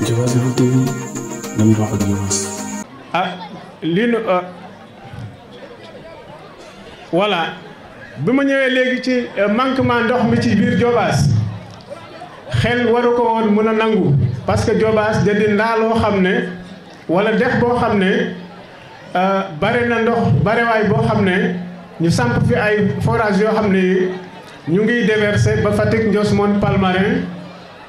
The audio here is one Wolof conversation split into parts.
Diobass ah, ah. bi ma ñëwee léegi ci eh, manquement ndox mi ci biir Diobass xel waru ko woon mën a nangu parce que Diobass da di ndaa loo xam ne wala dex boo xam ne eh, bare na ndox barewaay boo xam ne ñu samp fi ay forage yoo xam ne ñu ngiy déverser ba Fatick Ndiosmone Palmarin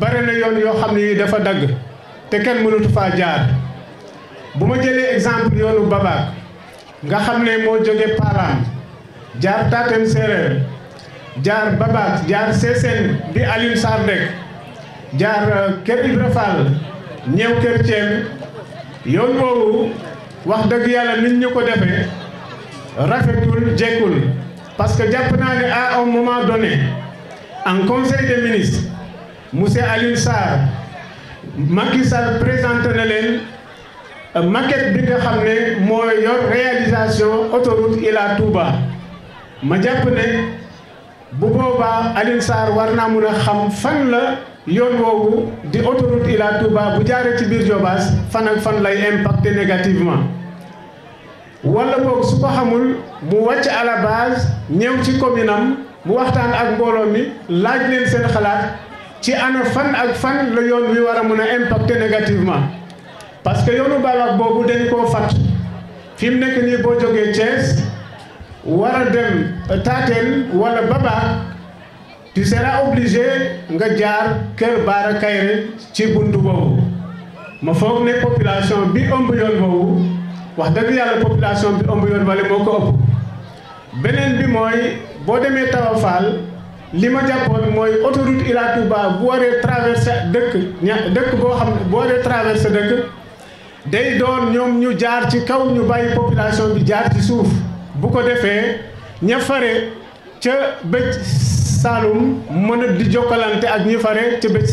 bare na yoon yoo xam ne yi dafa dagg te kenn mënatu faa jaar bu ma jëlee exemple yoonu Babac nga xam ne moo jóge Palaan jaar Taten Séeréer jaar Babac jaar Séssène bi Alioune Sarr dekk jaar euh, Kër Ibra Fall ñëw Kër Thiel yoon woowu wax dëgg yàlla nit ñu ko defee rafetul jekkul parce que jàpp naa ne à un moment donné en conseil des monsieur Alioune Sarr Macky Sall présenté na leen euh, maquette bi nga xam ne réalisation autoroute Ila Touba ma jàpp ne bu boobaa Alioune Sarr war naa mun a xam fan la yoon woowu di autoroute Ila Touba bu jaaree ci biir Diobass fan fan lay impacté négativement wala boog su ko xamul mu wàcc à la base ñëw ci commune am mu waxtaan ak mbooloo mi laaj leen seen xalaat. ci ana fan ak fan la yoon wi war a mun a impacte négativement parce que yoonu Baol boobu dañ koo fat fi mu nekk nii boo jógee Thiès war a dem Taten wala Baba tu seras obligé nga jaar Kër Baara Kayre ci buntu boobu ma foog ne population bi ëmb yoon boobu wax dëgg yàlla population bi ëmb yoon bale moo ko ëpp beneen bi mooy boo demee Tawa li ma jàppoon mooy autoroute Ila Touba bu waree traversé dëkk ña dëkk boo xam ne bu waree traversé dëkk day doon ñoom ñu jaar ci kaw ñu bàyyi population di jaar ci suuf bu ko defee ña ca bëj Saalum mën a di jokkalante ak ñi fare ca bëj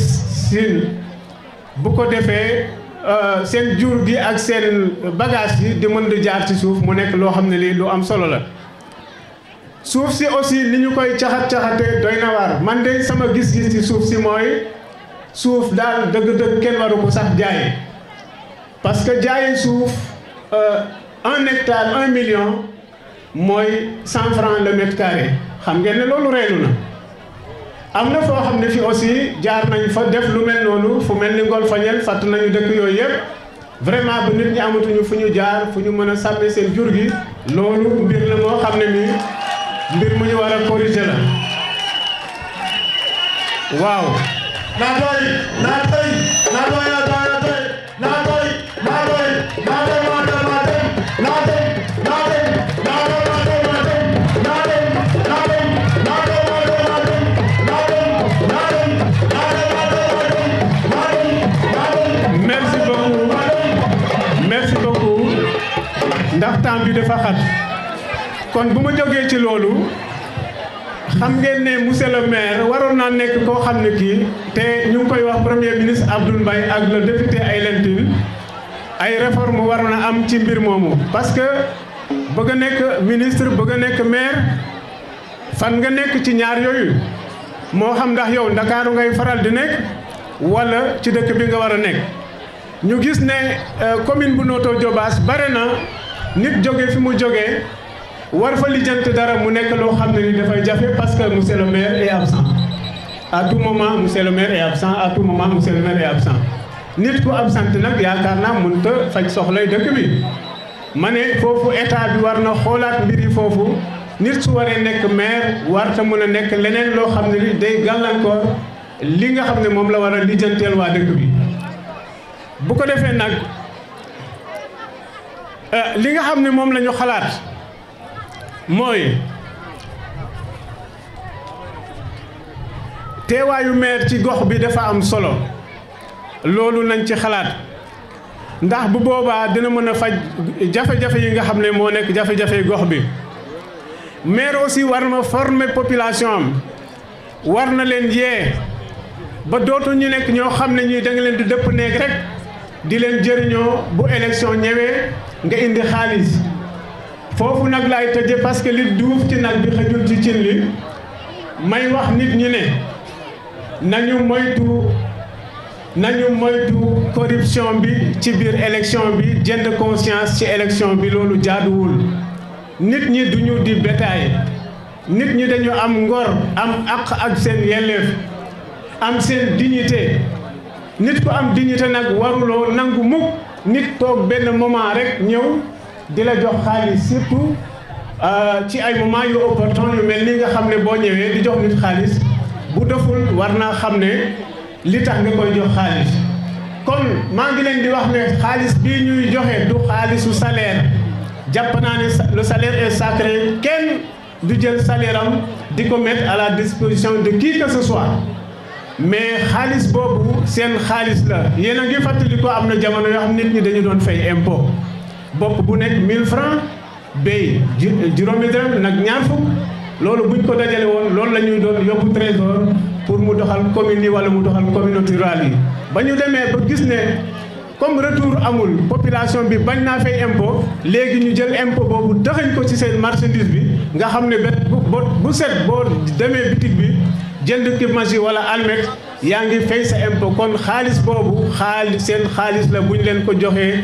bu ko defee euh, seen jur gi ak seen bagage yi di mën di jaar ci suuf mu nekk loo xam ne li lu am solo la souf si aussi ni ñu koy caxat nous man sama gis-gis ci si moy souf dans deug deug ko sax parce que souf euh, un hectare un million moy 100 francs le mètre carré xam ngeen ne sais reelu na nous, Nous nous, fi aussi jaar nañ fa def lu mel fu melni ngol nañu dekk vraiment bu nit ñi amatuñu fu jaar mbir mu ñu war a waaw naa doy naa doy naa doy naa doy naa doy naa xat kon bu ma jógee ci loolu xam ngeen ne monsieur le maire waroon naa nekk koo xam ne kii te ñu ngi koy wax premier ministre Abdoul Mbaye ak le député Aylin Tine ay réforme waroon a am ci mbir moomu parce que bëgg a nekk ministre bëgg a nekk maire fan nga nekk ci ñaar yooyu moo xam ndax yow ndakaaru ngay faral di nékk wala ci dëkk bi nga war a nekk ñu gis ne euh, commune bu nootoo Diobass bare na nit jóge fi mu jógee war fa lijjant dara mu nekk loo xam ne ni dafay jafe parce mu monsieur le maire est absent à tout moment monsieur le maire est absent à nit ku absent nag yaakaar naa mënut a faj soxlay dëkk bi ma ne foofu état bi war na xoolaat mbir yi foofu nit su waree nekk maire war ta mën a nekk leneen loo xam ne ni day gàllankoor li nga xam ne moom la war a lijjanteel waa dëkk bi bu ko defee nag euh, li nga xam ne moom la xalaat. mooy teewaayu meer ci gox bi dafa am solo loolu nañ ci xalaat ndax bu boobaa dina mën a faj jafe-jafe yi nga xam ne moo nekk jafe-jafe gox bi maire aussi war na former population am war na leen yee ba dootu ñu nekk ñoo xam ne ñuy da leen di dëpp néeg rek di leen jëriñoo bu élection ñëwee nga indi xaalis foofu nag laay tëje parce que li duuf ci nag bi xëjul ci cin li may wax nit ñi ne nañu moytu nañu moytu corruption bi ci biir élection bi jënd conscience ci élection bi loolu jaaduwul nit ñi duñu di bétail nit ñi dañu am ngor am àq ak seen yelleef am seen dignité nit ku am dignité nag waruloo nangu mukk nit toog benn moment rekk ñëw di la jox xaliss surtout euh ci ay moment yu opportun yu mel ni nga xamné bo ñëwé di jox nit xaliss bu deful warna xamné li tax nga koy jox xaliss comme ma ngi leen di wax né xaliss bi ñuy joxé du xaalisu salaire jàpp naa ne le salaire est sacré ken du jël salaire am di ko mettre à la disposition de qui que ce soit mais xaliss bobu sen xaliss la yéen ngi fàttali ko amna jamono yo xam nit ñi dañu doon fay impôt bopp bu nekk 1000 francs béy juróomi dërëm nag ñaar fukk loolu buñ ko dajale woon loolu la ñuy doon yóbbu trésor pour mu doxal commune yi wala mu doxal communauté rurale yi ba ñu demee ba gis ne comme retour amul population bi bañ naa fay impôt léegi ñu jël impôt boobu dëxañ ko ci seen marchandise bi nga xam ne benn bu set boo demee bitig bi jënd ki magi wala almet yaa ngi fay sa impôt kon xaalis boobu seen xaalis la bu leen ko joxee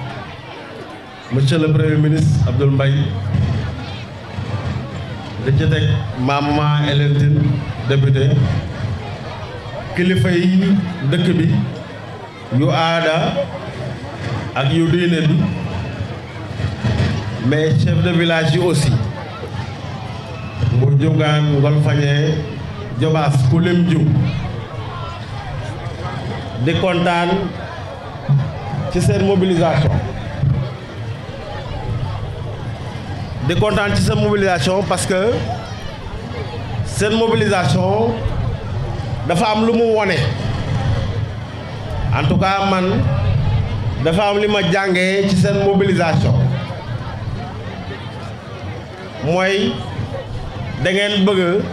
monsieur le premier ministre Abdoul Mbaye da ci teg maama Hélène Tine député kilifa yi dëkk bi yu aada ak yu diine bi mais chef de village yi aussi mu jógaan ngol fañee jobaas ku lim ju di kontaan ci seen mobilisation di kontaan ci sa mobilisation parce que seen mobilisation dafa am lu mu wone en tout cas man dafa am li ma jàngee ci seen mobilisation mooy da ngeen bëgg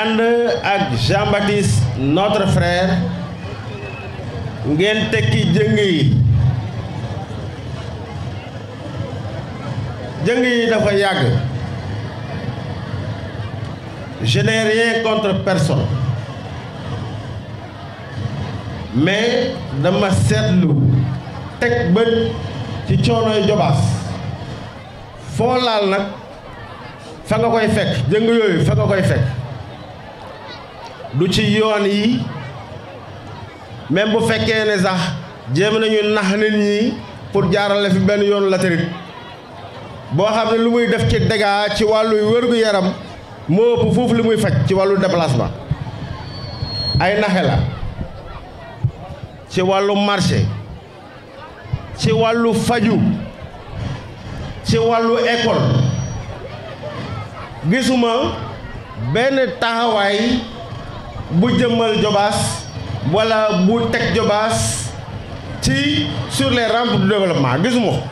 ànd ak Jean-Baptiste notre frère ngeen tekki jëng yi jëng yi dafa yàgg je n'ai rien contre personne mais dama seetlu teg bët ci coonoy jobaas foo laal nag fa nga koy fekk jëng yooyu fa nga koy fekk du ci yoon yi même bu fekkee ne sax jéem nañu nax nit ñi pour jaarale fi benn yoonu latérite boo xam ne lu muy def ci dégâts ci wàllu wér yaram moo ëpp foofu li muy faj ci wàllu déplacement ay naxe la ci wàllu marché ci wàllu faju ci wàllu école gisuma benn taxawaay bu jëmmal jobaas walla bu teg jobaas ci sur les rampes du développement gisuma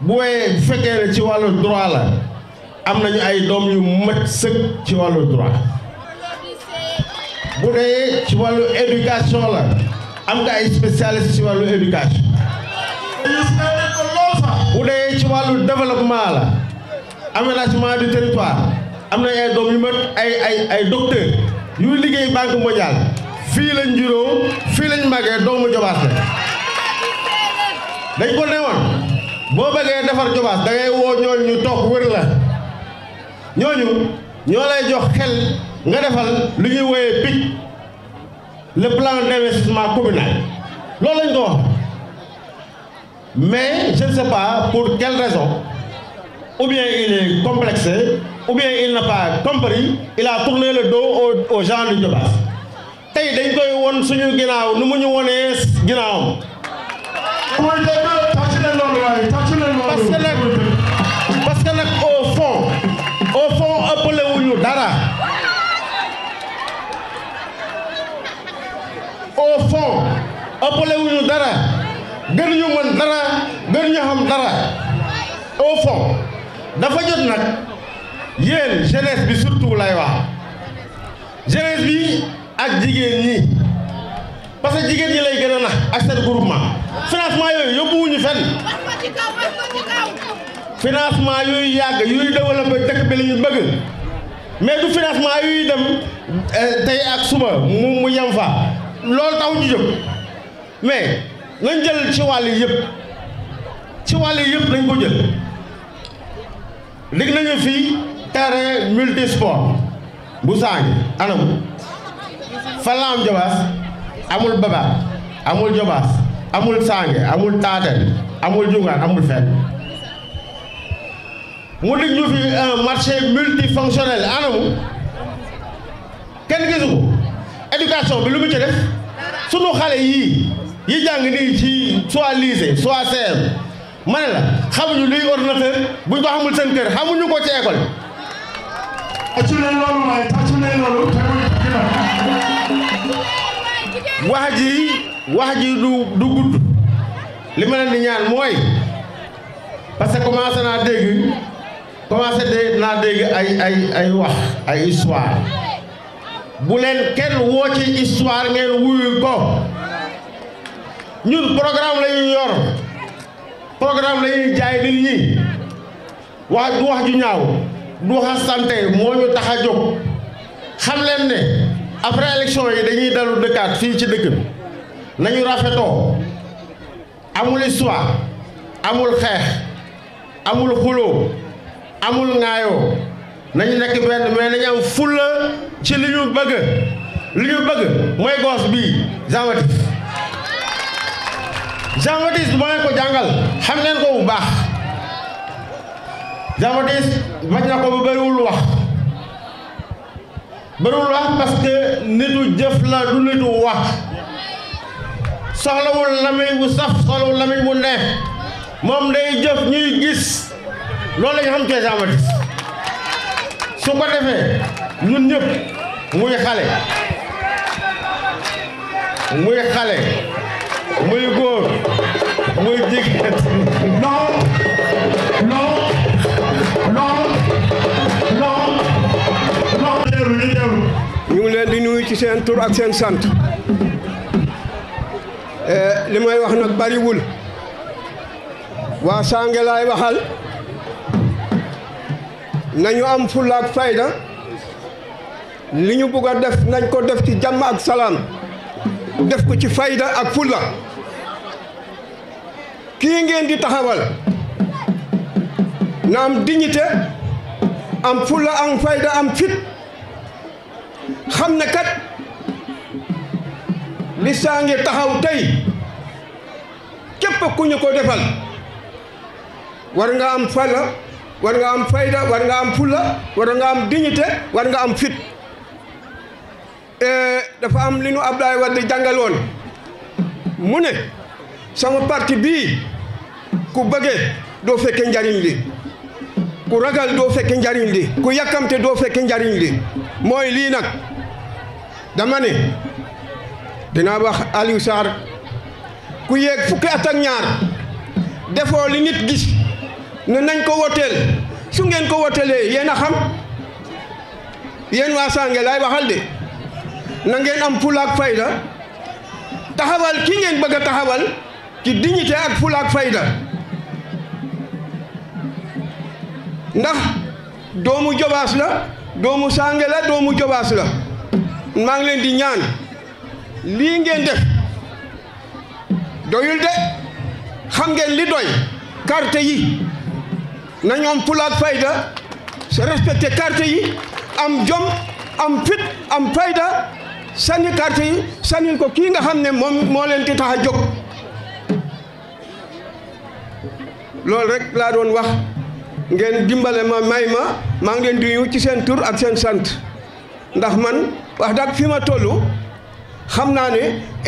bu wéyee bu fekkee ne ci wàllu droit la am nañu ay doom yu mat sëkk ci wàllu droit bu dee ci wàllu éducation la am nga ay spécialiste ci wàllu éducation bu dee ci wàllu développement la aménagement du territoire am nañ ay doom yu mat ay ay ay docteur yu liggéey banque mondiale fii lañ juróo fii lañ màggee doomu jobaas la dañ ko newoon boo bëggee defar Jobaas da ngay woo ñooñu ñu toog wër la ñooñu ñoo lay jox xel nga defal lu ñuy wooyee PIC le plan d'investissement communal loolu lañ ko wax mais je ne sais pas pour quelle raison ou bien il est complexé ou bien il n'a pas compris il a tourné le dos aux gens de Jobaas tey dañ koy won suñu ginnaaw nu mu ñu wonee ginnaawam. ëppalewuñu dara gën ñu mën dara gën ñu xam dara au fond dafa jot nag yéen jeunesse bi surtout lay wax jeunesse bi ak jigéen ñi parce que jigéen ñi lay gën a nax ak seen groupement financement yooyu yóbbuwuñu fenn yooyu yàgg yuy développé dëkk bi la ñu bëgg mais du financement yuy dem eh, tey ak suba mu mu yem fa loolu taxu ñu jóg mais nañ jël ci wàll yëpp ci wàll yëpp nañ ko jël léegi nañu fii terrain multisport bu saañ anam fala jobaas amul baba amul jobaas amul saange amul taaten amul jungaan amul fen mu dig ñu fi un marché anamu kenn gisu ko éducation bi lu mu ci def sunu xale yii yi jàng nii ci soit lycée soit CM ma ne la xamuñu luy ordinateur buñ ko xamul seen kër xamuñu ko ci école. tàccu wax ji wax ji du du gudd li ma leen di ñaan mooy parce que commencé naa dégg commencé de naa dégg ay ay wax ay histoire bu leen kenn woo ci histoire ngeen wuyu ko. ñun programme la ñuy yor programme la ñuy jaay nit ñi wax du wax ju ñaaw du xasante moo ñu tax a jóg xam leen ne après élection yi dañuy dalu dëkkaat fii ci dëkk nañu rafetoo amul histoire amul xeex amul xuloo amul ŋaayoo nañu nekk benn mais nañu am fulla ci li ñu bëgg li ñu bëgg mooy goos bii Jean Baptiste Jean Baptiste moo leen ko jàngal xam leen ko bu baax Jean Baptiste bañ na ko bu bëriwul wax bëriwul wax parce nitu jëf la du nitu wax soxlawul lamiñ bu saf soxlawul lamiñ bu neex moom day jëf ñuy gis loolu la ñu xam cee Jean Baptiste su ko defee ñun ñëpp muy xale muy xale muy góor muy jigéen non non non non non ñu ngi leen di nuyu ci seen tur ak seen sant eh, li may wax nag bariwul waa Sange laay waxal nañu am fulla ak fayda li ñu bugg a def nañ ko def ci jàmm ak salaam def ko ci fayda ak fulla kii ngeen di taxawal na am dignité am fulla am fayda am fit xam ne kat li ngi taxaw tey képp ku ñu ko defal war nga am falla war fayda war nga am fulla war nga am dignité war am fit eh, dafa am li nu Abdoulaye Wade jàngaloon mu ne sama parti bii ku bëgge doo fekkee njariñ li ku ragal doo fekke njariñ li ku yàkkamte doo fekkee njariñ li mooy lii nag dama ne dinaa wax Aliou Sarr ku yéeg fukki at ñaar defoo li nit gis ne nañ ko woteel su ngeen ko wotelee yéen a xam yéen waa Sange laay waxal de na ngeen am fulaak fayda taxawal ki ngeen bëgg a taxawal ci dignité ak fula fayda ndax doomu jobaas la doomu sànge la doomu jobaas la maa ngi leen di ñaan lii ngeen def doyul de xam ngeen li doy carte yi na ñoom fula ak fayda se respecté carte yi am jom am fit am fayda sànni carte yi sànnil ko kii nga xam ne moom moo leen ki tax a jóg loolu rek laa doon wax ngeen dimbale ma may ma maa ngi leen di nuyu ci seen tur ak seen sant ndax man wax dëgg fi ma tollu xam naa ne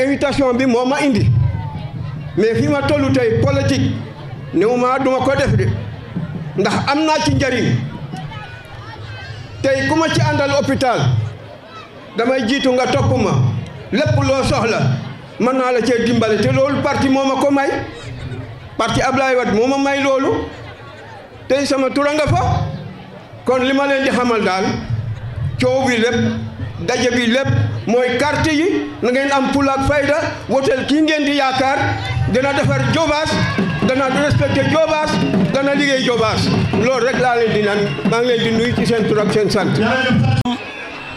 invitation bi moo ma indi mais fi ma tollu tey politique néew ma duma ko def de ndax am naa ci njariñ tey kuma ma ci àndal hôpital damay jiitu nga topp ma lépp loo soxla mën naa la cee dimbale te loolu parti moom a ko may. parti Ablaye Wade moo ma may loolu tey sama tura nga fa kon li ma leen di xamal daal coow bi lépp mooy carte yi na ngeen am fulla ak fayda woteel kii ngeen di yaakaar dana defar Diobass dana respecté dana liggéey Diobass loolu rek laa leen di naan maa ngi leen di nuyu ci seen tur ak seen sant.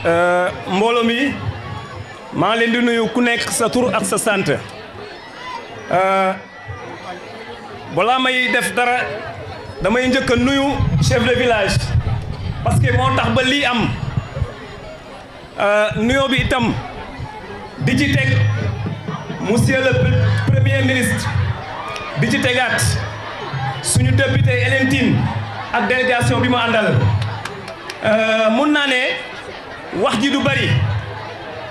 Euh, mbooloo mi maa ngi leen di nuyu ku nekk sa tur ak sa sant. Euh, bala may def dara damay ñëk nuyu chef de village parce que motax ba li am euh, nuyo bi itam di ci teg monsieur le premier ministre di ci tegaat suñu député elentine ak délégation bi mu euh mën na ne wax ji du bari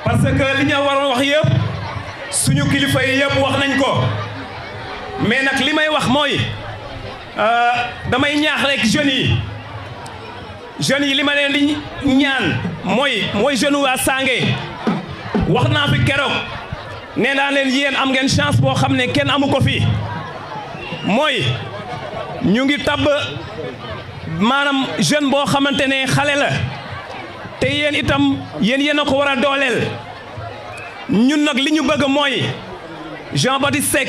parce que li ñu waroon wax yépp suñu kilifa yépp wax nañ ko. mais nag li may wax mooy euh, damay ñaax rek jeunes yi jeunes yi li ma leen di ñaan mooy mooy jeune waa Sange wax naa fi keroog nee naa leen yéen am ngeen chance boo xam ne kenn amu ko fi mooy ñu ngi tabb maanaam jeune boo xamante ne xale la te yéen itam yéen yéen a ko war a dooleel ñun nag li ñu bëgg mooy Jean Baptiste Seck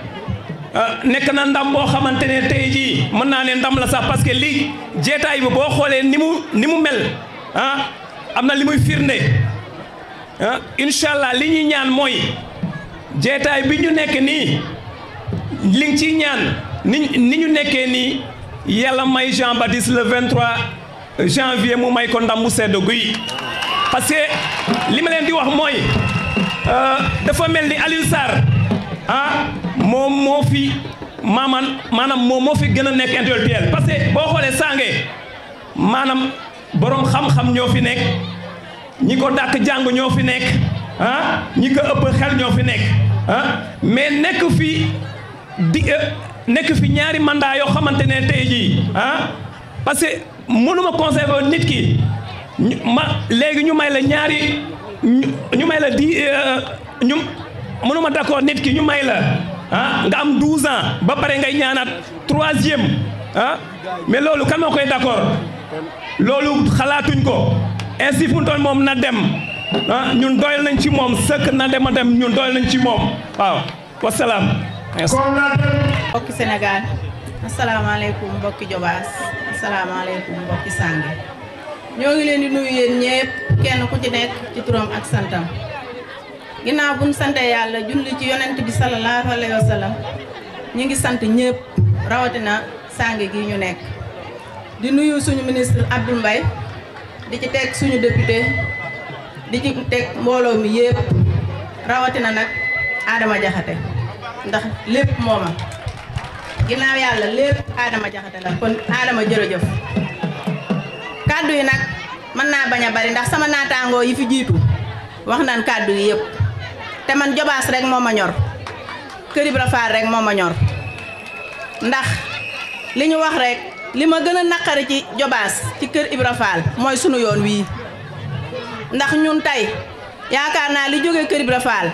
Euh, nekk na ndam boo xamante ne tey jii mën naa ne ndam la sax parce que lii jeetaay bi boo xoolee ni mu ni mu mel ah am na li muy firnde ah incha allah li ñuy ñaan mooy jeetaay bi ñu nekk nii li ciy ñaan ni ni ñu nekkee nii yàlla may Jean Baptiste le 23 janvier mu may ko ndam bu sedd guy parce que li ma leen di wax mooy euh, dafa mel ni Aliou Sarr ah. moom moo fi maamaan maanaam moom moo fi gën a nekk intellectuel parce que boo xoolee Sange maanaam borom xam-xam ñoo fi nekk ñi ko dàkk jàng ñoo fi nekk ah ñi ko ëpp xel ñoo fi nekk ah mais nekk fi di eh, nekk fi ñaari mandat yoo xamante ne tey jii ah parce que mënuma conserver nit ki ma léegi ñu may la ñaari ñu may la di eh, ñu mënuma nit ki ñu may la Ah, nga am 12 ans ba pare ngay 3e hein ah, mais lolu kan moo d'accord lolu xalaatuñ ko ainsi fu mu toll na ah, dem ñun doyal nañ ci mom seuk na dem dem ñun doyal nañ ci mom waaw senegal assalamu alaykum asalaamaaleykum jobas assalamu alaykum mbokki sangé ñoo ngi leen di nuyu yeen ñepp kenn ku ci nek ci turam ak santam ginnaaw bu ñu sante yàlla julli ci bisa bi sallallahu alayhi wa sallam ñu ngi sant ñëpp rawatina gi ñu nek di nuyu suñu ministre Abdoul Mbaye di ci teg suñu député di ci tek mbooloo mi yëpp rawatina nak Adama Jaxate ndax lépp mooma ginnaaw lep lépp Adama Jaxate la kon Adama jërëjëf Kadu yi nak mën naa bañ bari ndax sama naataangoo yi fi jitu wax te man jobaas rek moo ma ñor Kër Ibra Fall rek moo ma ñor ndax li ñu wax rekk li ma gën a naqari ci jobaas ci Kër Ibra Fall mooy sunu yoon wii ndax ñun tey yaakaar naa li jóge Kër Ibra Fall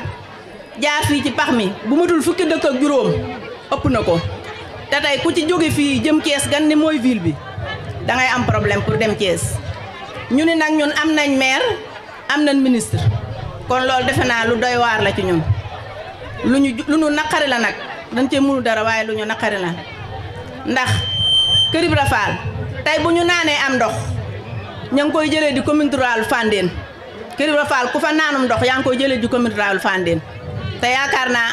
jaar fii ci pax mi bu matul fukki dëkk ak juróom ëpp na ko te tey ku ci jóge fii jëm Thiès gan ni mooy ville bi dangay am problème ku dem Thiès ñu ni nag ñun am nañ maire am nañ ministre kon loolu defe naa lu doy waar la ci ñun lu ñu lu ñu naqari la nag dañ cee mënu dara waaye lu ñu naqari la ndax Kër Ibra Fall tey bu ñu naanee am ndox ña ngi koy jëlee di commune rurale Fandène Kër Ibra Fall ku fa naanum ndox yaa ngi koy jëlee di commune rurale Fandène te yaakaar naa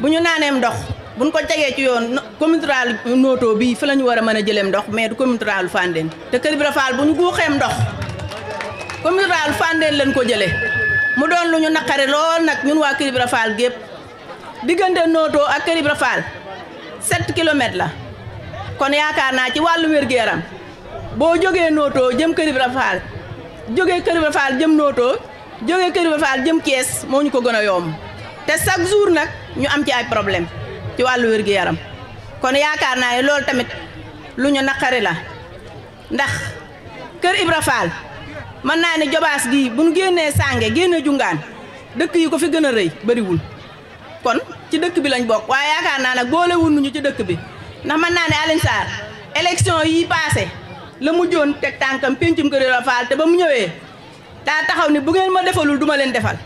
bu ñu naaneem ndox buñ ko tegee ci yoon commune rurale Noto bii fi la ñu war a mën a jëleem ndox mais du commune rurale Fandène te Kër Ibra Fall bu ñu guuxeem ndox commune rurale Fandène lañ ko jëlee. mu doon lu ñu naqari lool nag ñun waa Kër Ibra Fall gépp diggante Notto ak Kër Ibra Fall 7 kilomètres la kon yaakaar naa ci wàllu wér-gu-yaram boo jógee Notto jëm Kër Ibra Fall jógee Kër Ibra Fall jëm Notto jógee Kër Ibra Fall jëm kees moo ñu ko gën a yomb te chaque jour nag ñu am ci ay problème ci wàllu wér-gu-yaram kon yaakaar naa ne loolu tamit lu ñu naqari la ndax Kër Ibra Fall mën naa ne jobaas gii bu nu génnee sànge génne jungaan dëkk yi ko fi gën a rëy bëriwul kon ci dëkk bi lañ bokk waaye yaakaar naa nag boole wun ñu ci dëkk bi nax mën naa ne Alioune Sarr élection yi passé la mujjoon teg tànkam péncum kër Yoro Fall te ba mu ñëwee daa taxaw ni bu ngeen ma defalul duma leen defal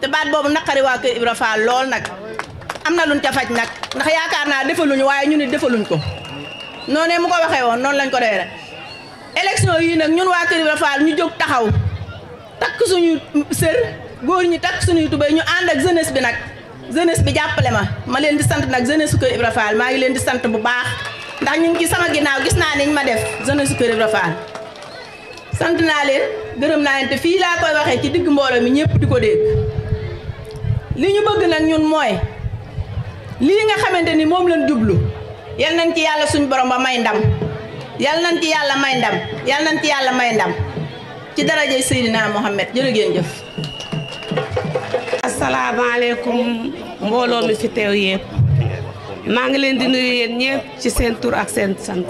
te baat boobu naqari waa kër Ibra Fall lool nag am na luñ ca faj nag ndax yaakaar naa defaluñu waaye ñu ne defaluñ ko noonee mu ko waxee woon noonu lañ ko doyee rek élection yi nak ñun wa Kër Ibra Fall ñu jog taxaw tak suñu sœur goor ñi tak suñu tuba ñu and ak jeunesse bi nak jeunesse bi jappalé ma ma leen di sante nak jeunesse Kër Ibra Fall ma ngi leen di sante bu baax ndax ñu ngi ci sama ginnaaw gis na niñ ma def jeunesse Kër Ibra Fall sante na leen gërëm na leen te fi la koy waxe ci digg mbooloo mi ñepp diko deg li ñu bëgg nak ñun moy li nga xamanteni mom lañ jublu yel nañ ci yalla suñu borom ba may ndam yal nañ yàlla may ndam yal nañ yàlla may ndam ci daraje Seydina Mohamed jërë ngeen jëf. asalaamaaleykum mbooloo mi fi teew yépp maa ngi leen di nuyu yéen ñépp ci seen tur ak seen sant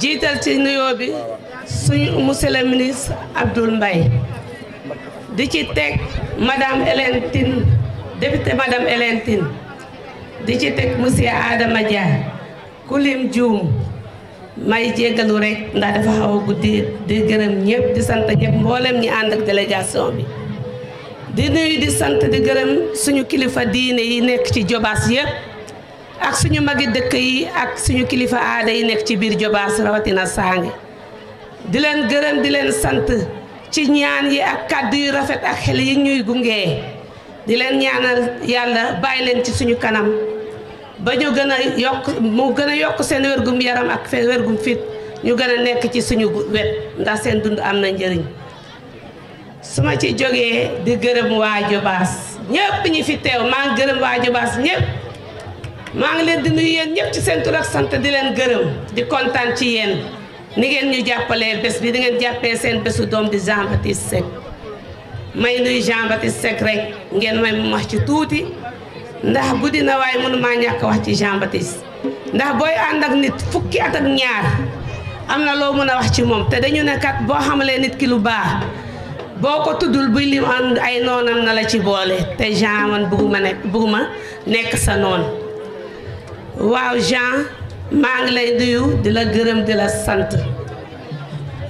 jiital ci nuyoo bi suñ monsieur le ministre Abdoul Mbaye di ci teg madame Hélène Tine député madame Hélène di ci teg monsieur Adama Dia kulim Dioum may jéggalu rek ndax dafa xaw a guddi di gërëm ñëpp di sant ñëpp mboolem ñi ànd ak délégation bi di nuyu di sant di gërëm suñu kilifa diine yi nekk ci jobaas yëpp ak suñu magi dëkk yi ak suñu kilifa aada yi nekk ci biir jobaas rawatina ngi di leen gërëm di leen sant ci ñaan yi ak kàddu yu rafet ak xel yi ñuy gungee di leen ñaanal yàlla bàyyi leen ci suñu kanam ba ñu gën a yokk mu gën a yokk seen wérgum yaram ak seen wérgum fit ñu gën a nekk ci suñu wet ndax seen dund am na njëriñ su ma ci jógee di gërëm waa baas ñëpp ñi fi teew maa ngi gërëm waa Jobaas ñëpp maa ngi leen di nuyu yéen ñëpp ci seen tur ak sant di leen gërëm di kontaan ci yéen ni ngeen ñu jàppalee bés bi di ngeen jàppee seen bésu doom di Jean Baptiste Seck may nuyu Jean Baptiste Seck rek ngeen may mu max ci tuuti. ndax guddi na waaye mënumaa ñàkk wax ci Jean Baptiste ndax booy ànd ak nit fukki at ak ñaar am na loo mën a wax ci moom te dañu ne kat boo xamalee nit ki lu baax boo ko tuddul buy lim am ay noonam na la ci boole te Jean man bugguma nekk sa noon waaw Jean maa ngi lay nuyu di la gërëm di la sant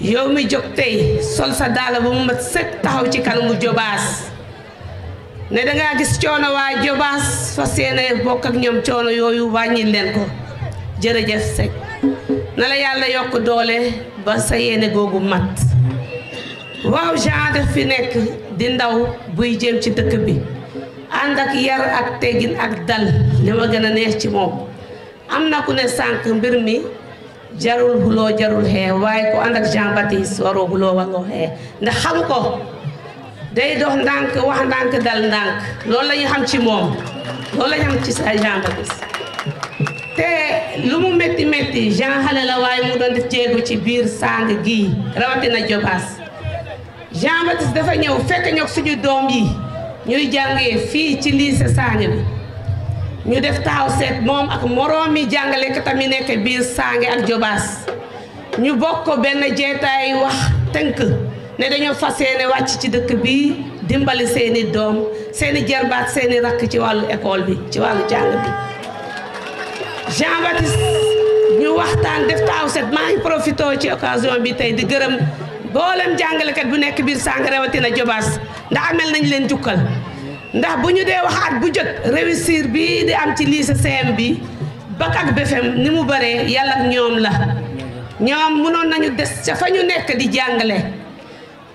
yow mi jóg tey sol sa daala ba mu mat sëkk taxaw ci kanamu jobaas ne danga gis coono waa Jobaas fas yéene bokk ñoom coono yooyu wàññil leen ko jërëjëf Seck na la yàlla yokk doole ba sa yéene googu mat waaw Jean daf fi nekk di ndaw buy jéem ci dëkk bi ànd ak yar ak teggin ak dal li ma gën a neex ci moom am na ku ne sànk mbir mi jarul xuloo jarul xee waaye ku ànd ak Jean Baptiste waroo xuloo wa nga ndax xam ko day dox ndànk wax ndànk dal ndànk loolu la xam ci moom loolu la ñu xam ci sa Jean Baptiste te lu mu métti métti Jean xale la waaye mu doon def jéego ci biir sang gii rawatina Jobaas Jean Baptiste dafa ñëw fekk ñoog suñu doom yi ñuy jàngee fii ci lycée Sange bi ñu def taxaw seet moom ak moroom jàngale jàngalekat mi nekk biir Sange ak Jobaas ñu bokk ko benn jeetaay wax tënk. ne dañoo fas yéene wàcc ci dëkk bi dimbali seeni doom seeni jarbaat seeni rakk ci wàllu école bi ci wàllu jàng bi Jean Baptiste ñu waxtaan def taaw set maa ngi profité ci occasion bi tey di gërëm mboolem jàngalekat bu nekk biir sàng rawatina Jobaas ndax amel nañ leen jukkal ndax bu ñu dee wax at bu jot réussir bi di am ci lycée CM bi ba ak BFEM ni mu bëree yàlla ak ñoom la ñoom mënoon nañu des ca fa ñu nekk di jàngale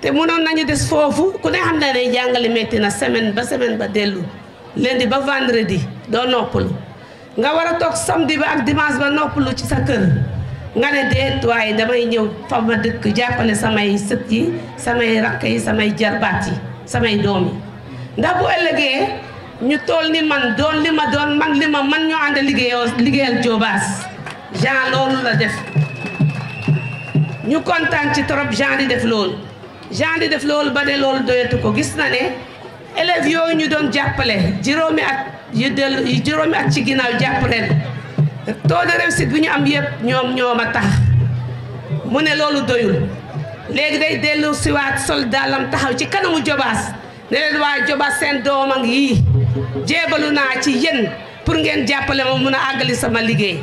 te mënoon nañu des foofu ku ne xam ne day jàngale metti na semaine ba semaine ba dellu lundi ba vendredi doo noppalu nga war a toog samedi ba ak dimanche ba noppalu ci sa kër nga ne déet waaye damay ñëw fa ma dëkk jàppale samay sët yi samay rakk yi samay jarbaat yi samay doom yi ndax bu ëllëgee ñu tool ni man doon li ma doon man li ma man ñoo ànd liggéeyoo liggéeyal joobaas Jean loolu la def ñu kontaan ci trop Jean di def loolu Jean di def loolu ba ne loolu doyatu ko gis na ne élèves yooyu ñu doon jàppale juróomi at yu dellu juróomi at ci ginnaaw jàpp ren taux de réussite bi ñu am yëpp ñoom ñoom a tax mu ne loolu doyul léegi day dellu siwaat sol dàllam taxaw ci kanamu jobaas ne waa jobaas seen doom a ngi yii jéebalu naa ci yéen pour ngeen jàppale ma mun a àggali sama liggéey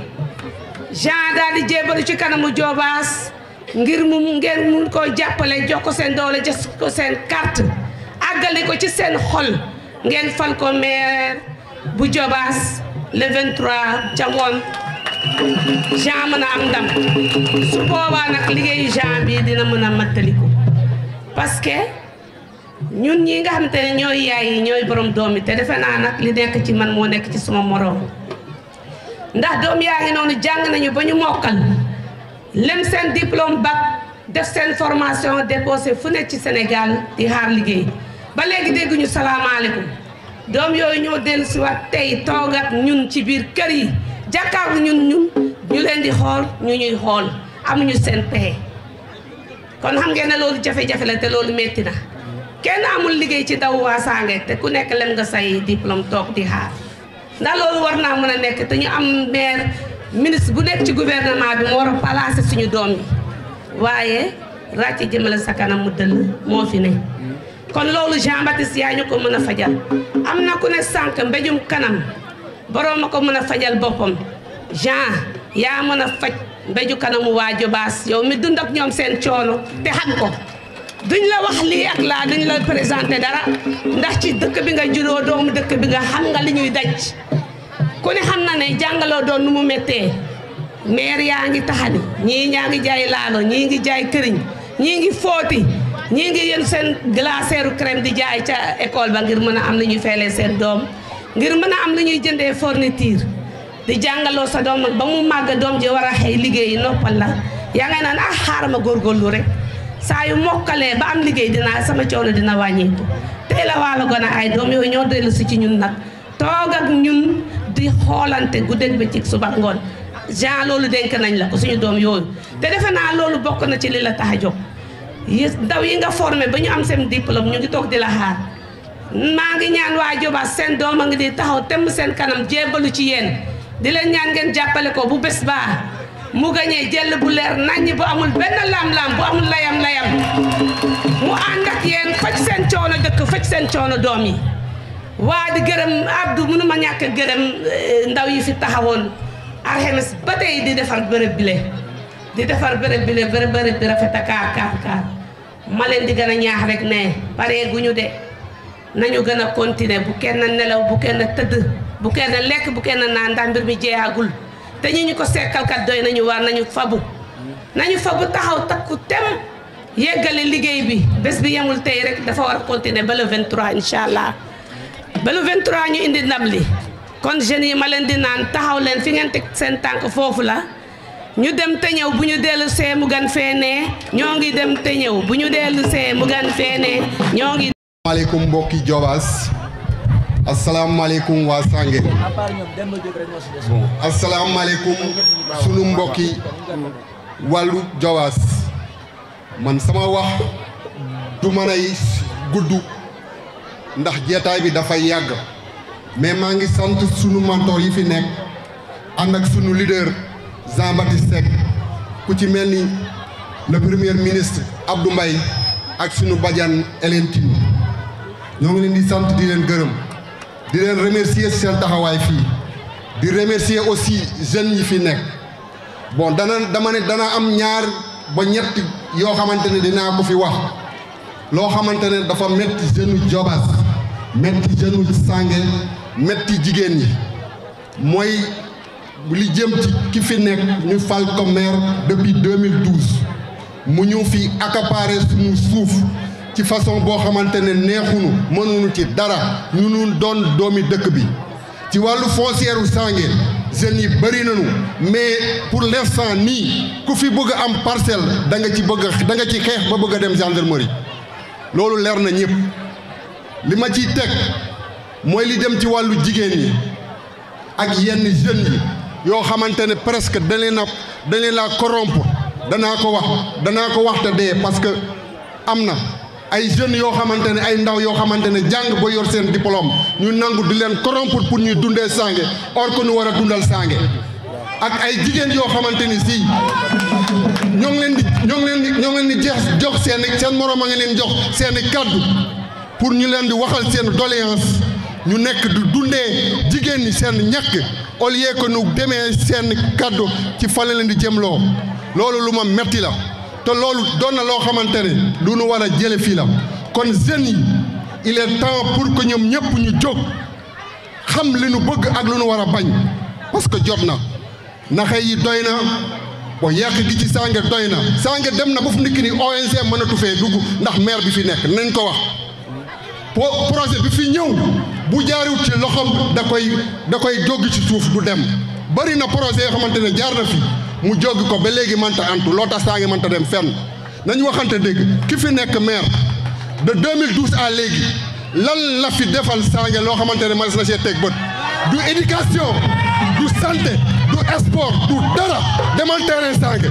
Jean daal di jéebalu ci kanamu jobaas ngir mu ngeen mun koo jàppale jox ko seen doole jox ko seen carte àggale ko ci seen xol ngeen fal ko maire bu Jobaas le 23 ca ngoon Jean mën a am ndam su boobaa nag liggéeyu Jean bi dina mën a mattaliku parce que ñun ñi nga xamante ne ñooy yaay yi ñooy borom doom yi te defe naa nag li nekk ci man moo nekk ci suma moroom ndax doom yaa noonu jàng nañu ba ñu mokkal lem seen diplôme bac def seen formation déposé fu ne ci Sénégal di xaar liggéey ba léegi dégguñu salaamaaleykum doom yooyu ñoo dellu si waat tey toogat ñun ci biir kër yi jàkkaarlu ñun ñun ñu leen di xool ñu ñuy xool amuñu seen pexe kon xam ngeen ne loolu jafe-jafe la te loolu metti na kenn amul liggéey ci ndaw waa Sange te ku nekk lem nga say diplôme toog di xaar ndax loolu war naa mën a nekk te ñu am maire ministre bu nekk ci gouvernement bi moo war a placer suñu doom yi waaye ràcc jëmale sa kanam mu dëll moo fi ne kon loolu Jean Baptiste yaa ñu ko mën a fajal am na ku ne sànq mbéjum kanam borom a ko mën a fajal boppam Jean yaa mën a faj mbéju kanamu waa Jobaas yow mi dund ak ñoom seen coono te xam ko duñ la wax lii ak laa duñ la présenté dara ndax ci dëkk bi nga juróo doomu dëkk bi nga xam nga li ñuy daj ku ne xam na ne jàngaloo doon nu mu méttee maire yaa ngi taxani ñii ñaa ngi jaay laalo ñii ngi jaay këriñ ñii ngi footi ñii ngi yën seen glaceeru crème di jaay ca école ba ngir mën a am lu ñuy feelee seen doom ngir mën a am lu ñuy jëndee fourniture di jàngaloo sa doom ba mu màgg doom ji war a xëy liggéeyi noppal la yaa ngay naan ah xaaral ma góorgóorlu rek saa yu mokkalee ba am liggéey dinaa sama coono dina wàññeeku tey la waalo gone ay doom yooyu ñoo dellusi ci ñun nag toog ñun di xoolante guddeeg bëccëg suba ngoon Jean loolu denk nañ la ko suñu doom yooyu te defe naa loolu bokk na ci li la tax a jóg ndaw yi nga formé ba ñu am seen diplôme ñu ngi toog di la xaar maa ngi ñaan waa Joba seen doom a ngi di taxaw temm seen kanam jébalu ci yéen di leen ñaan ngeen jàppale ko bu bés baa mu gañee jël bu leer naññ bu amul benn laam-laam bu amul layam-layam mu ànd ak yéen faj seen coono dëkk faj seen coono doom yi waa di gërëm Abdou mënu ma ñàkk a gërëm eh, ndaw yi fi taxawoon arxemes ba tey di defar bërëb bi le di defar bërëb bile bërëb bërëb bi rafet a kaar kaar kaar ma leen di gën a ñaax rek ne paree ñu de nañu gën a continuer bu kenn nelaw bu kenn tëdd bu kenn lekk bu kenn naan ndax mbir mi jeexagul te ñu ñu ko sekkalkat doy nañu war nañu fabu nañu fabu taxaw takku tem yeggale liggéey bi bés bi yemul tey rek dafa war a continuer ba le 23 allah. ba le ñu indi ndam li kon jeunes yi ma leen di naan taxaw fi ngeen teg seen tànk foofu la ñu dem te ñëw bu ñu dellu see mu feenee ñoo ngi dem te ñëw bu ñu dellu see mu gan feenee ñoo ngi. asalaamaaleykum mbokki Jobaas asalaamaaleykum waa Sange bon asalaamaaleykum sunu mbokki wàllu Jobaas man sama wax du mën a gudd. ndax jeetaay bi dafay yàgg mais maa ngi sant sunu mentor yi fi nekk ànd ak sunu leader Jean Baptiste ku ci mel ni le premier ministre Abdou mbay ak sunu bajan Hélène ñoo ngi leen di sant di leen gërëm di leen remercier seen taxawaay fii di remercier aussi jeunes yi fi nekk bon dana dama ne dana am ñaar ba ñett yoo xamante ne dinaa ko fi wax loo xamante ne dafa métti jeune Diobass metti jënu sànge metti jigéen ñi mooy li jëm ci ki fi nekk ñu fal ko maire depuis 2012 mu ñu fi accaparer suñu suuf ci façon boo xamante ne neexunu mënuñu ci dara ñu nu doon doomi dëkk bi ci wàllu foncière u Sange jeunes yi bëri nañu mais pour l'instant nii ku fi bëgg am parcelle da nga ci bëgg da nga ci xeex ba bëgg a dem gendarmerie loolu leer na ñëpp li ma ciy teg mooy li jëm ci wàllu jigéen ñi ak yenn jeunes yi yoo xamante ne presque da leen a da leen a ko wax danaa ko wax te dee parce que am na ay jeunes yoo xamante ne ay ndaw yoo xamante ne jàng ba yor seen diplôme ñu nangu di leen corrompre pour ñuy dundee sange or ko nu war a dundal sange ak ay jigéen yoo xamante ne si ñoo leen di ñoo ngi leen di ñoo ngi jox seen seen moroom a ngi leen jox seen i kàddu pour ñu leen di waxal seen doléance ñu nekk du dundee jigéen ñi seen ñekk au lieu nu demee seen kàddu ci fale leen di loo loolu lu ma metti la te loolu doon na loo xamante ne lu nu war a jële fii la kon jeunes yi il est temps pour ñoom ñëpp ñu jóg xam li nu bëgg ak lu nu war a bañ parce que jot na naxe yi doy na bon yàq gi ci sànge doy na sànge dem na ba fu nekk ni ONG mënatu fee dugg ndax maire bi fi nekk nañ ko wax projet bi fi ñëw bu jaarul ci loxoom da koy da koy jóg ci suuf du dem bari na projet yoo xamante ne jaar na fi mu jóg ko ba léegi mënta ant loo tax saa ngi mënta dem fenn nañu waxante dégg ki fi nekk maire de 2012 à léegi lan la fi defal Sange loo xamante ne ma na see teg bët du éducation du santé du sport du dara demal terrain Sange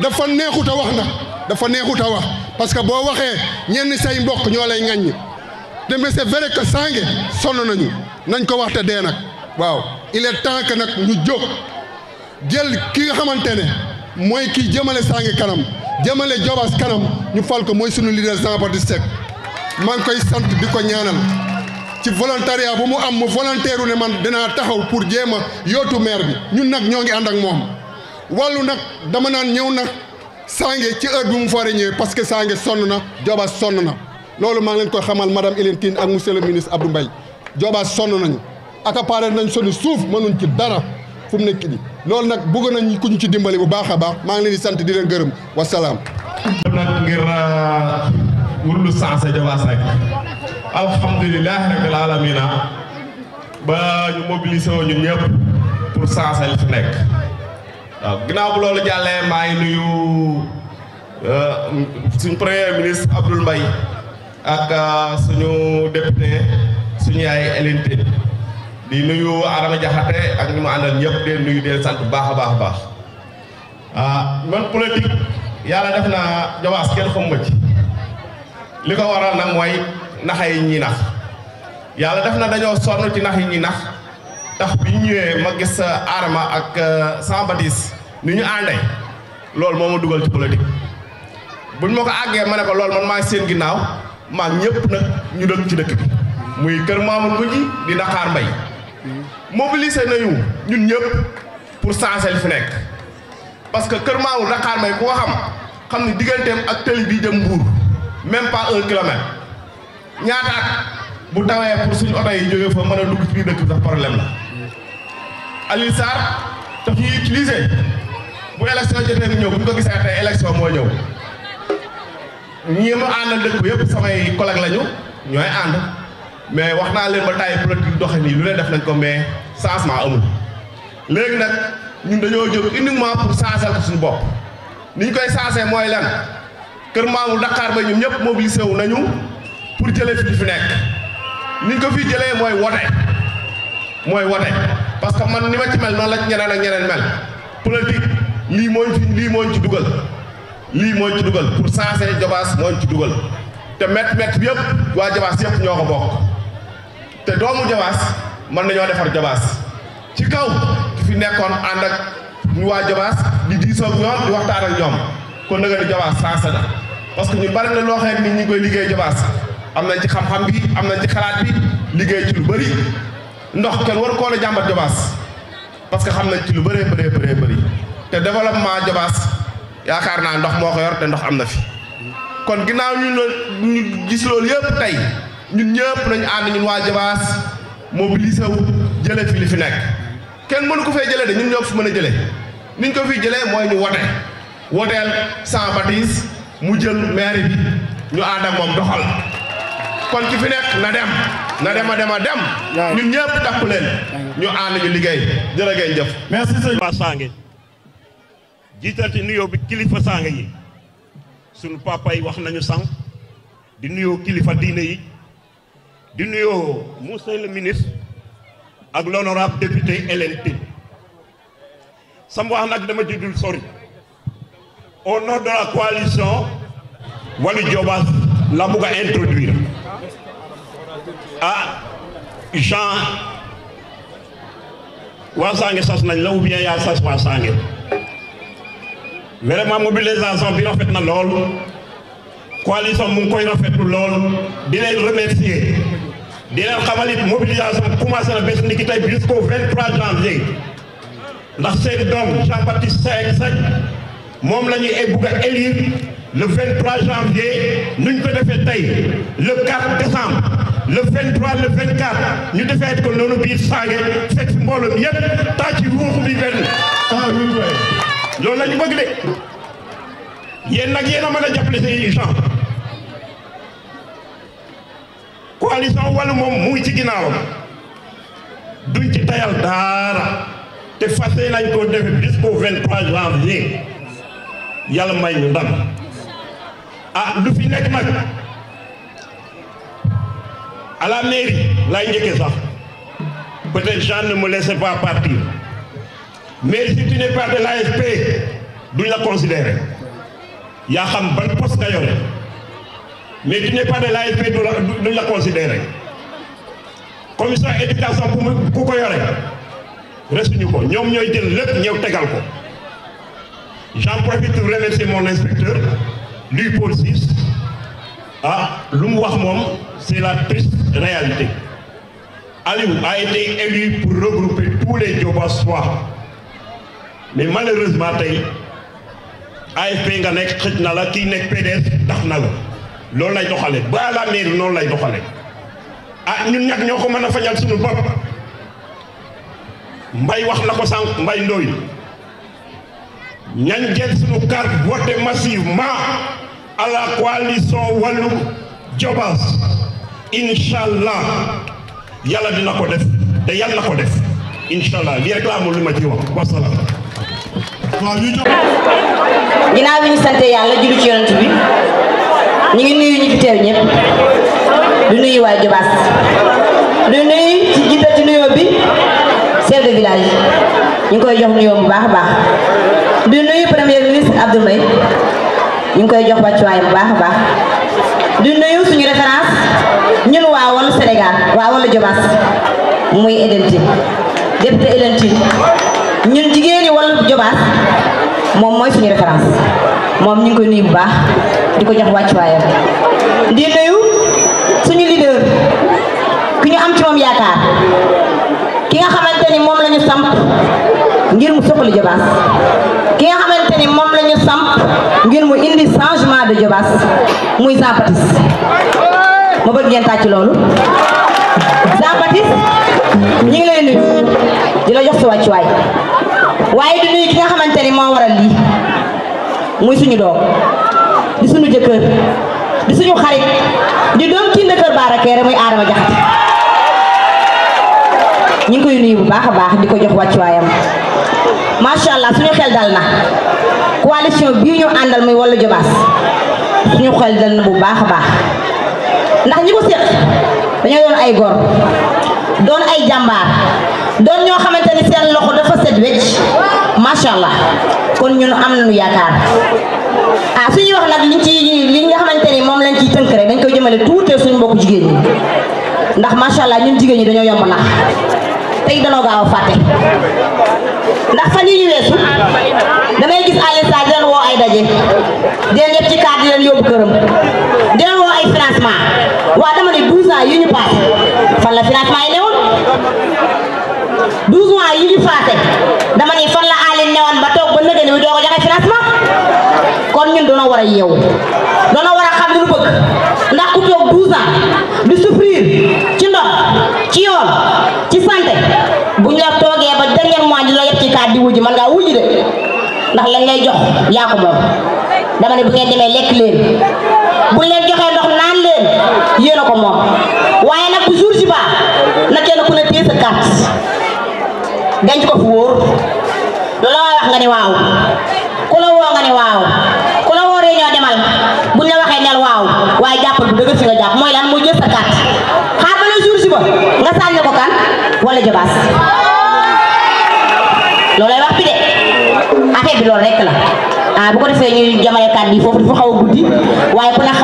dafa neexut a wax na dafa neexut a wax parce que boo waxee ñenn say mbokk ñoo lay ŋaññi te mais c'est vrai que sonn nañu nañ ko wax te dee nag waaw il est temps que nag ñu jóg jël kii nga xamante ne mooy kii jëmale sange kanam jëmale Jobaas kanam ñu fal ko mooy sunu leader Jean Baptiste Seck maa ngi koy sant di ko ñaanal ci volontariat bu mu am mu volontaire ne man dinaa taxaw pour jéem a yootu maire bi ñun nag ñoo ngi ànd ak moom. wàllu nag dama naan ñëw na Sange ci heure bi mu fooree ñëwee parce que Sange sonn na Jobaas sonn na loolu maa ngi leen koy xamal madame Hélène Tine ak monsieur le ministre Abdou Mbaye Jobaas sonn nañu accaparé nañ sunu suuf mënuñ ci dara fu mu nekk nii loolu nag bëgg nañ ku ñu ci dimbali bu baaxa baax maa ngi leen di sant di leen gërëm wasalaam. nag ngir euh, wurlu Sange Jobaas rek alhamdulilah rabbil alamina ba ñu mobiliser wu ñun pour Sange li fi nekk. waaw ginnaaw bu loolu jàllee maa ngi nuyu euh, suñu premier ministre Abdoul mbay ak euh, suñu député suñu yaay Hélène Tine di nuyu Adama Diakhaté ak ñu mu àndal ñëpp deen nuyu deen sant baax a baax baax ah man yàlla def naa jawaas kenn xamuma ci li ko waral a mooy naxa yi ñuy nax yàlla def na dañoo sonn ci nax yi ñuy nax tax ah, bi ñu ñëwee ma gis arama ah, ak ah, Sambatis ni ñu andé lool moma duggal ci politique buñ ma aggé mané ko lool man ma seen ginnaw ma ñëpp nak ñu dëkk ci dëkk bi muy kër mamour Mbodji di Dakar mbay mobiliser nañu ñun ñëpp pour changer li fi nek parce que kër mamour Dakar mbay ku ko xam xam ni digganteem ak tel bi dem Mbour même pas 1 km ñaata ak bu tawé pour suñu auto yi jógee fa mëna dugg ci dëkk bi sax problème la Alioune Sarr daf ñuy utiliser bu élection jotee ñu ñëw bu ñu ko gisee tey élection moo ñëw ñi ma àndal dëkk bi yëpp samay collègues lañu ñooy ànd mais wax naa leen ba tàyyi politique doxe nii lu leen def nañ ko mais changement amul léegi nag ñun dañoo jóg uniquement pour changer ko suñu bopp ni ñu koy changer mooy lan kër maamu Dakar ba ñun ñëpp mobilisé wu nañu pour jëlee fi fi nekk niñ ko fi jëlee mooy wote mooy wote parce que man nima ci mel non la ñeneen ak ñeneen mel politique li moñ fi li moñ ci duggal li moñ ci duggal pour changer jobaas moñ ci duggal te met met bi yëpp wa jobaas yëpp ñoko bok te doomu jobaas man nañoo defar jobaas ci kaw fi nekkon and ak wa jobaas di diisoo ak ñoom di waxtaan ak ñom kon na nga ni jobaas changé da parce que ñu bari na lo xé ni ñi koy liggéey jobaas amna ci xam-xam bi amna ci xalaat bi liggéey ci lu bari ndox ken war ko la jambat jobaas parce que xamna ci lu bëree bëree bëree bëri te développement jobaas yaakaar naa ndox moko yor te ndox amna fi kon ginaaw ñu ñu gis lool yépp tay ñun ñëpp nañu and ñun wa jobaas mobiliser wu jëlé fi li fi nek ken mënu ko fee jëlé de ñun ñoo fi mëna jëlé niñ ko fi jëlé moy ñu wote wotel sans baptise mu jël maire bi ñu and ak mom doxal kon ci fi nek na dem na dem a dem a dem. ñun ñëpp ñu ànd ñu liggéey jërë ngeen jëf. merci sëñ waa jiital ci nuyoo bi kilifa Sange yi sunu papa yi wax nañu sànq di nuyoo kilifa diine yi di nuyoo monsieur le ministre ak l'honorable député LNP sam wax nag dama ci dul sori au nom de Walu Diobass la bugg introduire. ah Jean waa Sange sas nañ la ou bien yaa sas waa Sange vraiment mobilisation en fait dans lool coalition mu ngi koy rafetlu lool di leen remercier di leen xamal la mobilisation commencé na bés ni ki tey jusqu'au 23 janvier la série d'hommes Jean Baptiste Seck Seck moom la ñuy le 23 janvier nuñ ko le faire le 4 décembre. le 23 le 24 ñu defeet ko noonu biir saage fekk mbooloo bi yëpp taa ci ruux bi benn. ah oui bëgg de yéen nag yéen a mën a jàppale seen gens coalition Wallu moom mu ci ginnaawam duñ ci tayal daara te fas yéene koo def jusqu'au 23 janvier yàlla may ñu ndam ah lu fi nekk nag. à la mairie là il dit que ça peut-être que Jean ne me laissait pas partir mais si tu n'es pas de l'AFP nous la considérer il y a poste bon poste mais tu n'es pas de l'AFP nous la considérer Commissaire éducation pour ko yore resuñu ko avons ñooy jël nous avons tegal ko j'en profite pour remercier mon inspecteur lui pour le ah lu mu c'est la triste réalité. Aliou a été élu pour regrouper tous les soi, mais malheureusement il a nga nekk xëj na la kii pas PDS tax na la lay doxale la mère, non, lay nous ah a suñu mbay wax que nous mbay carte massivement à la coalition les Djobas. incha allah yàlla dina ko def te yàlla na ko def incha allah lii lu ma ci wax wasalaam. ginnaaw bi ñu sant yàlla julli ci yonent bi ñu ngi nuyu ñi bi chef ñu ngi koy jox nuyoo bu baax baax du nuyu premier ministre Abdoul Mbaye ñu ngi koy jox wàccuwaay bu baax a baax du nuyu suñu référence. wàllu Sénégal waaw wàllu Jobaas muy Eden Tine député ñun jigéen ñi Jobaas moom mooy suñu référence moom ñu ngi koy nuyu bu baax di ko jox wàccuwaayam di nuyu suñu leader ki ñu am ci moom yaakaar ki nga xamante ni moom la ñu ngir mu suqali Jobaas ki nga xamante moom la ñu ngir mu indi changement de Jobaas muy Jean mo bëgg ngeen tacc loolu Jean ñi ngi lay nuyu di la jox sa way waaye di nuyu ki nga xamanteni mo waral li muy suñu doom di suñu jëkkër di suñu xarit di doom kii ndëkkër ré muy Adama jaxat ñi ngi koy nuyu bu baax diko jox wacc wayam ma sha allah suñu xel dal na coalition bi ñu andal muy Wallu Jobaas suñu xel dal na bu baaxa baax ndax ñi ko séq dañoo doon ay góor doon ay jàmbaar doon ñoo xamante seen loxo dafa set wecc macha allah kon ñun am nañu yaakaar ah suñuy wax nag liñ ci li nga xamante moom lañ ciy tënk rek dañ koy jëmale tuutee suñu mbokku jigéen ñi ndax macha allah ñun jigéen ñi dañoo yomb nax tey danoo gaaw a fàtte ndax fan yii ñu weesu damay gis Alioune Sarr di woo ay daje di yëpp ci cadre di leen yóbbu këram di woo ay financement douze ans fan la financement yi newoon douze mois dama ni fan la Aline newoon ba toog ba nëgëni wi doog a joxe financement kon ñun doona war a yeewu doona war a xam lu bëgg ndax ku toog douze ans di ci ndox ci yoon ci santé bu ñu toogee ba dernier mois ñu la yëpp ci kaat di wujji man ngaa wujji de ndax lañ lay jox yaa moom dama ne bu demee lekk leen bu leen joxee Yen yéen ko moom waaye nak bu jour ji ba na kenn ku ne téye carte denc ko fu wóor lu la wax nga ku la nga ku la demal bu si nga jàpp mooy lan sa carte ba jour wala wax affaire ah bu ko defee ñuy jamale kàddu yi foofu dafa xaw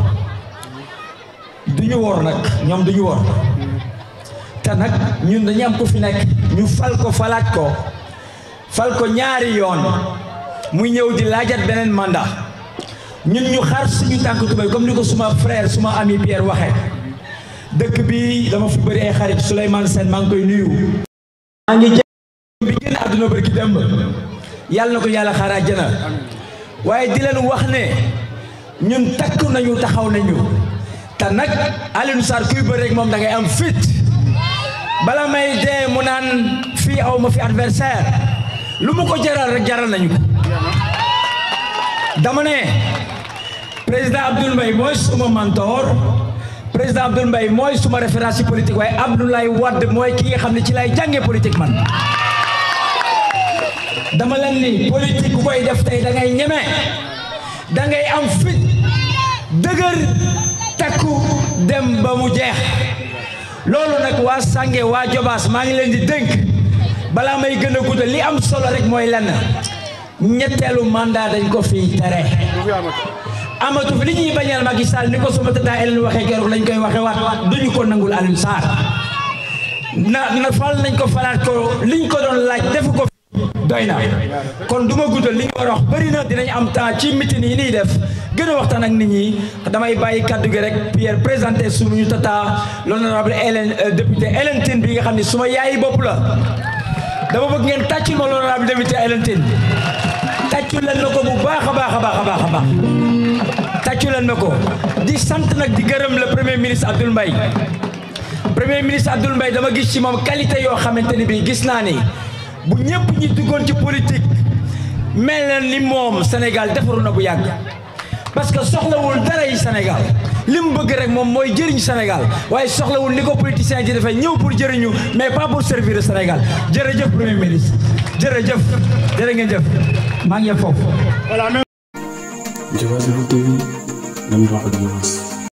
duñu wor nak ñom duñu wor te nak ñun dañu am ku fi nek ñu fal ko falaat ko fal ko ñaari yoon muy ñew di laajat benen mandat ñun ñu xaar suñu tànk tubay comme niko suma frère suma ami Pierre waxe dëkk bi dama fu bari ay xarit souleyman sen mang koy nuyu mangi jëm bi gën aduna barki dem yalla na yalla xara jëna waye di leen wax ne ñun takku nañu taxaw nañu te nag Sar Sarr kuy rek mom da ngay am fit bala may dé mu nan fi aw ma fi adversaire lu mu ko jaral rek jaral nañu ko dama né président Abdoul Mbaye moy suma mentor président Abdoul Mbaye Moy suma référence politique way abdoulay wad moy ki nga xamni ci lay jangé politique man dama lan ni politique koy def tay da ngay ñëmé da ngay am fit deuguer Ku dem ba mu jeex loolu nag waa Sange waa Jobaas maa ngi len di dénk bala may gëna a li am solo rek moy lenn ñettelu mandat dañ ko fi téré amatu fi li ñi bañal Macky Sall ni ko suma tata elen waxe gëru lañ koy waxe waat duñu ko nangul alim sar na na fal nañ ko falat ko liñ ko don laaj defu ko doy na kon du ma guddal li ñu war a bëri na dinañ am temps ci mitin yi nii def gën a waxtaan ak nit ñi damay bàyyi kaddu gi rek Pierre présenté suñu tata l'honorable Hélène euh, député Hélène Tine bi nga xam ne suma yaayi bopp la dama bëgg ngeen tàccul ma l'honorable député Hélène Tine tàccul leen ma ko bu baax a baax a baax a baax a baax leen ma ko di sant nag di gërëm le premier ministre Abdoul mbay premier ministre Abdoul mbay dama gis ci moom qualité yoo xamante ni bii gis naa ni bu ñëpp ñi duggoon ci politique mel na li moom Sénégal defaru na bu yàgg parce que soxlawul dara yi Sénégal li mu bëgg rek moom mooy jëriñ Sénégal waaye soxlawul ni ko politiciens yi dafay ñëw pour jëriñu mais pas pour servir Sénégal jërëjëf premier ministre jërëjëf jërë ngeen jëf maa ngi foofu.